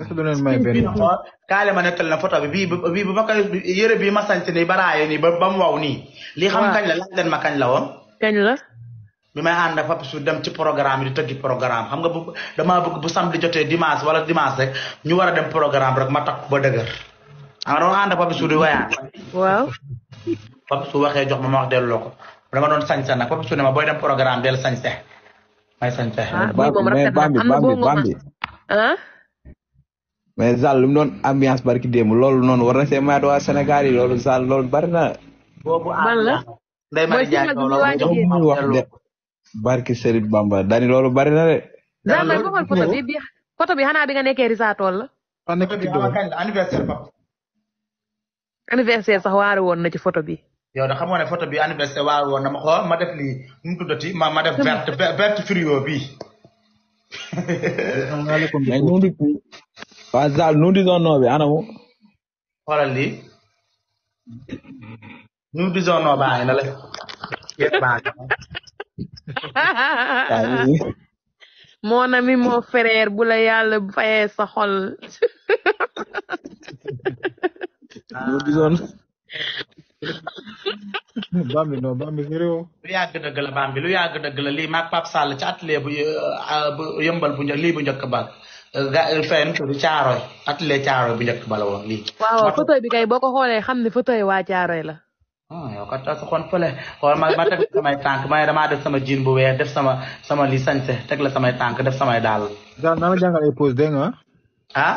Abdullah May Ben. Kala man la photo bi bi bi maka yere bi ma sant ni baraye ni ba bam waw ni. Li xam kañ la lan ma kañ la won? Kañ la? bi may ànd ak papa su dem ci programme di tëggi programme xam nga bu damaa bëgg bu samedi jotee dimanche wala dimanche rek ñu war a dem programme rek ma takk ba dëgër xam nga doon ànd ak papa su di wayaan waaw papa su waxee jox ma ma wax delloo ko dama doon sañse nag papa su ne ma booy dem programme del sañse may sañse ah, bambi bambi bambi ah mais Zal lu mu doon ambiance barki démb loolu noonu war see mayaat waa Sénégal yi loolu Zal loolu bari na. boobu de barki Serigne Bamba dani loolu bari na de. Zal nag nga bi bi photo bi xanaa bi nga nekkee Risa tool anniversaire sax waare woon na ci photo bi. yow da anniversaire waare woon na ma xool ma def lii nu mu tuddati ma ma def verte verte bi. waa Sall nu mu di ana mu. xoolal lii nu mu di zone nord na la yéen mi moo bu la yàlla fayee sa xol. nu di Bambi non Bambi oh. lu yàgg dëgg la Bambi lu yàgg dëgg lii maag Pape Sall ci atelier euh, bu yëmbal bu njëkk lii bu njëkk ba. fenn tuuti caaroy atelier caaroy bu njëkk ba la woon lii. waaw fauteuil bi kay boo ko xoolee xam ne fauteuil waa caaroy la. ah yow kat sa xon fële xool ma ma teg samay tànk ma damaa def sama jiin bu weex def sama sama li sañse teg la samay tànk def samay daal. daal naa la jàngal ay pose dégg nga ah.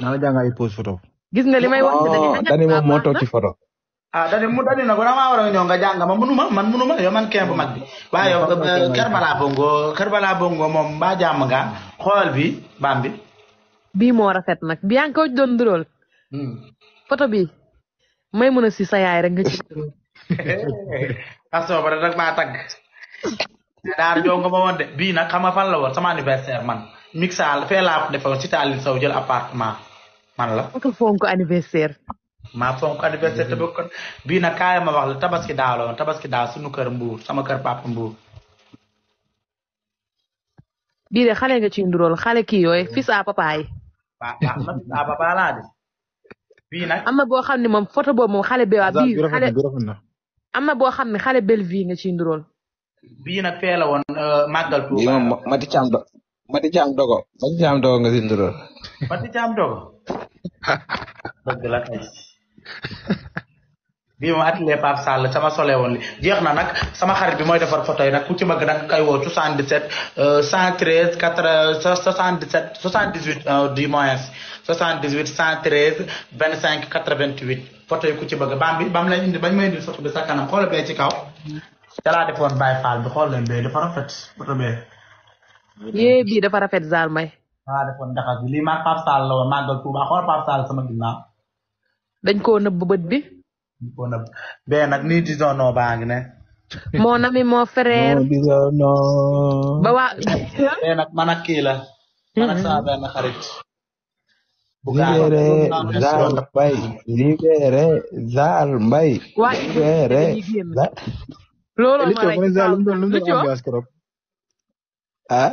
naa la jàngal ay pose gis nga li may wax. dañuy moom moo toog ci photo. dade mu dade na ko orang wara ñoo nga jàng ma munuma man munuma yo man kemb mag bi waaye yo karbala bongo karbala bongo moom mbaa jàmm nga xool bi baam bi Mau moo rafet nag bi yaa ngi ko doon durool photo hmm. bi may mën si sa yaay rek nga ci daar nga ma de fan la sama anniversaire man mixal fee laa defoon si taalin saw jël appartement man maa fonk adversaire mm-hmm. te ba kon ma wax la tabaski daaw la woon tabaski daaw suñu kër mbuur sama kër papa mbuur bii de xale nga ci ndurool xale kii yooyu fils à papa à papa laa de bii nag am na boo xam ne moom photo boobu moom xale bi waa bii am na boo xam ne xale bel vie ci ndurool nag la woon euh, màggal tuuba bii moom mati caam dogo mati caam dogo nga ci mati caam dogo bii moom atelier Pape Sall sama sole woon li jeex na nag sama xarit bi mooy defar photo yi nag ku ci bëgg da nga koy woo 77 113 4 77 78 du moins 78 113 25 88 photo yi ku ci bëgg baam bi baam lay indi bañ may indi photo bi sa kanam xoolal bee ci kaw ca laa defoon Baye Fall bi xool leen bee dafa rafet photo bee yée bii dafa rafet Zalmay waa defoon ndaxas bi lii maa Pape Sall la woon màggal Tuuba xool Pape Sall sama ginnaaw dañ koo nëbb bët bi. dañ koo nëbb bee nag nii disonoo baa ngi ne. mon ami mon frère. disonoo. ba waa. bee nag man ak kii la. man ak sama benn xarit. libéré Zal Mbaye libéré Zal Mbaye. libéré Zal. looloo ma rek lu ci wax ah.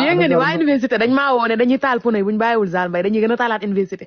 yéen nga ni ah, waa université dañ maa woo ne dañuy taal pneu yi bu ñu bàyyiwul Zal Mbaye dañuy gën a taalaat université.